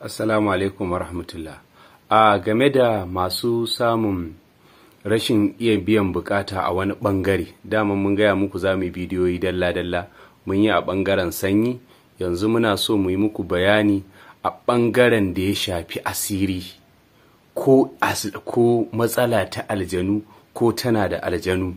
assalamu alaikum rahmatullah. a game da masu samun rashin iya biyan bukata a wani bangare dama mun gaya muku za mu bidiyoyi dalla-dalla mun yi a bangaren sanyi yanzu muna so mu yi muku bayani a bangaren da ya shafi asiri ko, ko matsala ta aljanu ko tana da aljanu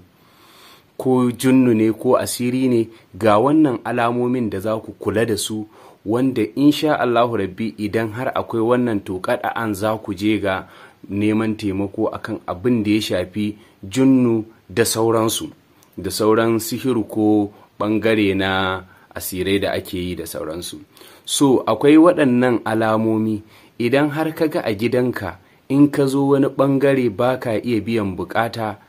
ko junnu ne ko asiri ne ga wannan alamomin da za ku kula da su wanda insha Allahu rabbi idan har akwai wannan tokada an za ku je ga neman taimako akan abin da ya shafi junnu da sauransu da sauran sihiru ko bangare na asirai da ake yi da sauransu so akwai waɗannan alamomi idan har ka ga a gidanka in ka zo wani bangare ba ka iya biyan bukata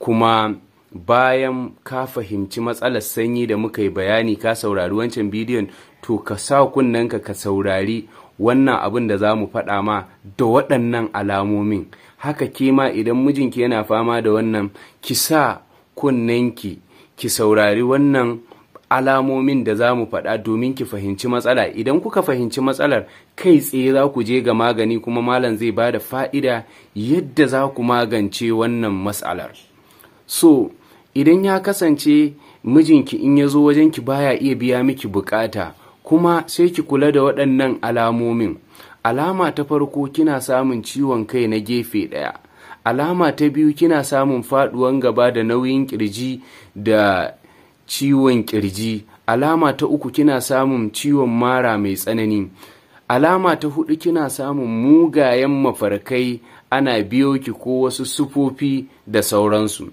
kuma bayan ka fahimci matsalar sanyi da muka yi bayani ka saurari wancan bidiyon to ka sa kunnenka ka saurari wannan abin da za mu faɗa ma da waɗannan alamomin haka ke idan mijinki yana fama da wannan ki sa kunnenki ki saurari wannan alamomin da za mu faɗa domin ki fahimci matsala idan kuka fahimci matsalar kai tsaye za ku je ga magani kuma malam zai ba da fa'ida yadda za ku magance wannan matsalar. so idan ya kasance mijinki in ya zo wajenki baya iya biya miki bukata kuma sai ki kula da waɗannan alamomin alama ta farko kina samun ciwon kai na gefe ɗaya alama ta biyu kina samun faɗuwan gaba da nauyin ƙirji da ciwon ƙirji. alama ta uku kina samun ciwon mara mai tsanani alama ta hudu kina samun mugayen mafarkai ana biyo ki ko wasu sufofi da sauransu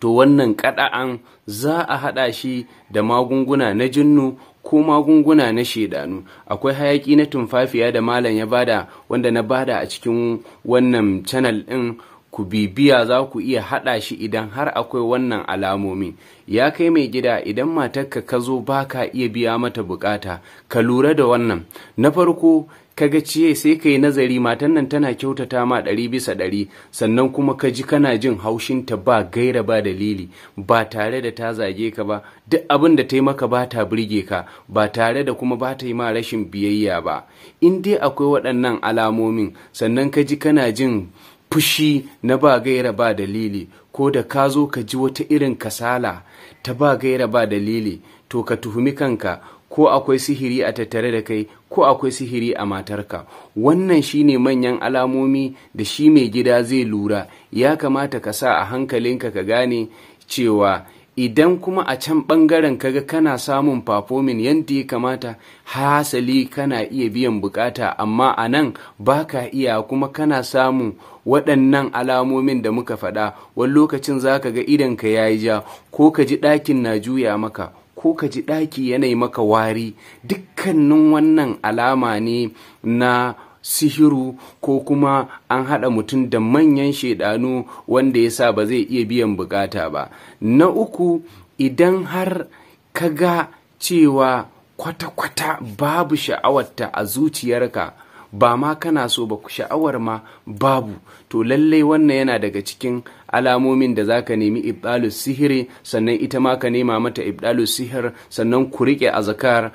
to wannan kada'an za a haɗa shi da magunguna na jinnu ko magunguna na shaidanu, akwai hayaki na tumfafiya da malam ya bada wanda na bada a cikin wannan channel ɗin ku bibiya za ku iya haɗa shi idan har akwai wannan alamomi ya kai mai gida idan matarka ka zo baka iya biya mata bukata ka lura da wannan na farko Ka ga ciye sai ka yi nazari matan nan tana kyautata ma ɗari bisa ɗari sannan kuma ka ji kana jin haushinta ba gaira ba dalili ba tare da ta zage ka ba duk abin da ta yi maka ba ta birge ka ba tare da kuma ba ta yi ma rashin biyayya ba in dai akwai waɗannan alamomin sannan ka ji kana jin fushi na ba gaira ba dalili ko da ka zo ka ji wata irin kasala ta ba gaira ba dalili to ka tuhumi kanka ko akwai sihiri a tattare da kai ko akwai sihiri a matarka wannan shine manyan alamomi da shi mai gida zai lura ya kamata ka sa a hankalinka ka gane cewa idan kuma a can ɓangaren kaga kana samun fafomin yadda ya kamata hasali kana iya biyan bukata amma a nan ba ka iya kuma kana samun waɗannan alamomin da muka faɗa wani lokacin za ka ga idanka ya yi ja ko ka ji ɗakin na juya maka ko ka ji ɗaki yanayi maka wari dukkanin wannan alama ne na sihiru ko kuma an haɗa mutum da manyan shaidanu wanda ya sa ba zai iya biyan bukata ba na uku idan har ka ga cewa kwata-kwata babu sha'awarta a zuciyarka ba ma kana so ba ku sha'awar ma babu to lallai wannan yana daga cikin alamomin da zaka nemi ibdalu sihiri sannan ita ma ka nema mata ibdalu sihir sannan ku riƙe azakar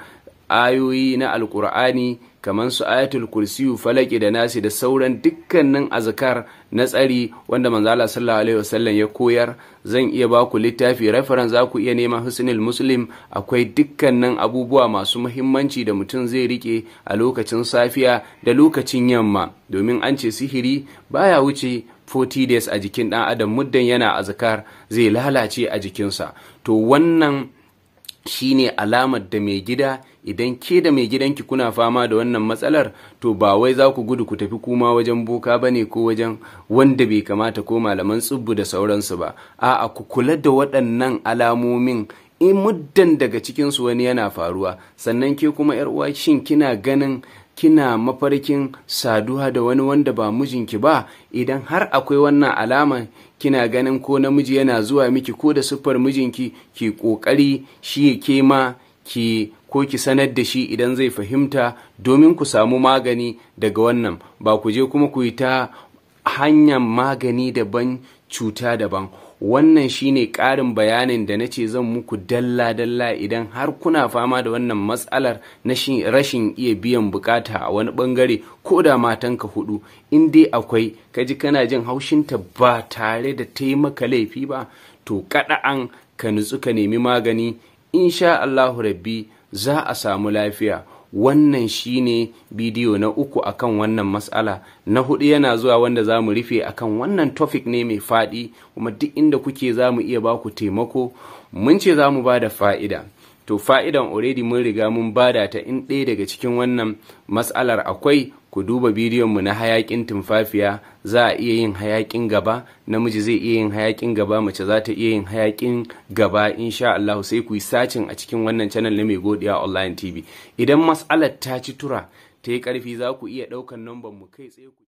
ayoyi na alkur'ani kamar su ayatul kursiyu falaki da nasi da sauran dukkanin azkar na tsari wanda manzo Allah sallallahu alaihi wasallam ya koyar zan iya ba ku littafi reference za ku iya nema husnul muslim akwai dukkanin abubuwa masu muhimmanci da mutum zai rike a lokacin safiya da lokacin yamma domin an ce sihiri baya wuce 40 days a jikin dan adam muddan yana azkar zai lalace a jikinsa to wannan Shi ne alamar da mai gida idan ke da mai gidanki kuna fama da wannan matsalar to ba wai za ku gudu ku tafi kuma wajen boka ba ne ko wajen wanda bai kamata ko malaman tsubbu da sauransu ba a'a ku kula da waɗannan alamomin in muddan daga cikinsu wani yana faruwa sannan ke kuma 'yar uwa shin kina ganin kina mafarkin saduwa da wani wanda ba mijinki ba idan har akwai wannan alama kina ganin ko namiji yana zuwa miki ko da siffar mijinki ki kokari shi ke ma ki ko ki sanar da shi idan zai fahimta domin ku samu magani daga wannan ba ku je kuma ku yi ta hanyar magani daban cuta daban wannan shine ƙarin bayanin da na ce zan muku dalla-dalla idan har kuna fama da wannan matsalar na rashin iya biyan bukata a wani bangare ko da matan ka hudu in dai akwai kaji kana jin haushinta ba tare da taimaka laifi ba to an ka nutsu ka nemi magani insha Allahu rabbi za a samu lafiya wannan shine bidiyo na uku akan wannan matsala na hudu yana zuwa wanda za mu rufe akan wannan topic ne mai faɗi kuma duk inda kuke za mu iya ba ku taimako mun ce za mu ba da fa'ida to fa'idan already mun riga mun bada ta in ɗaya daga cikin wannan matsalar akwai ku duba bidiyon mu na hayakin tumfafiya za a iya yin hayakin gaba namiji zai iya yin hayakin gaba mace za ta iya yin hayakin gaba insha Allah sai ku yi sacin a cikin wannan channel na mai godiya online tv idan matsalar ta ci tura ta yi karfi za ku iya ɗaukan namban mu kai tsaye ku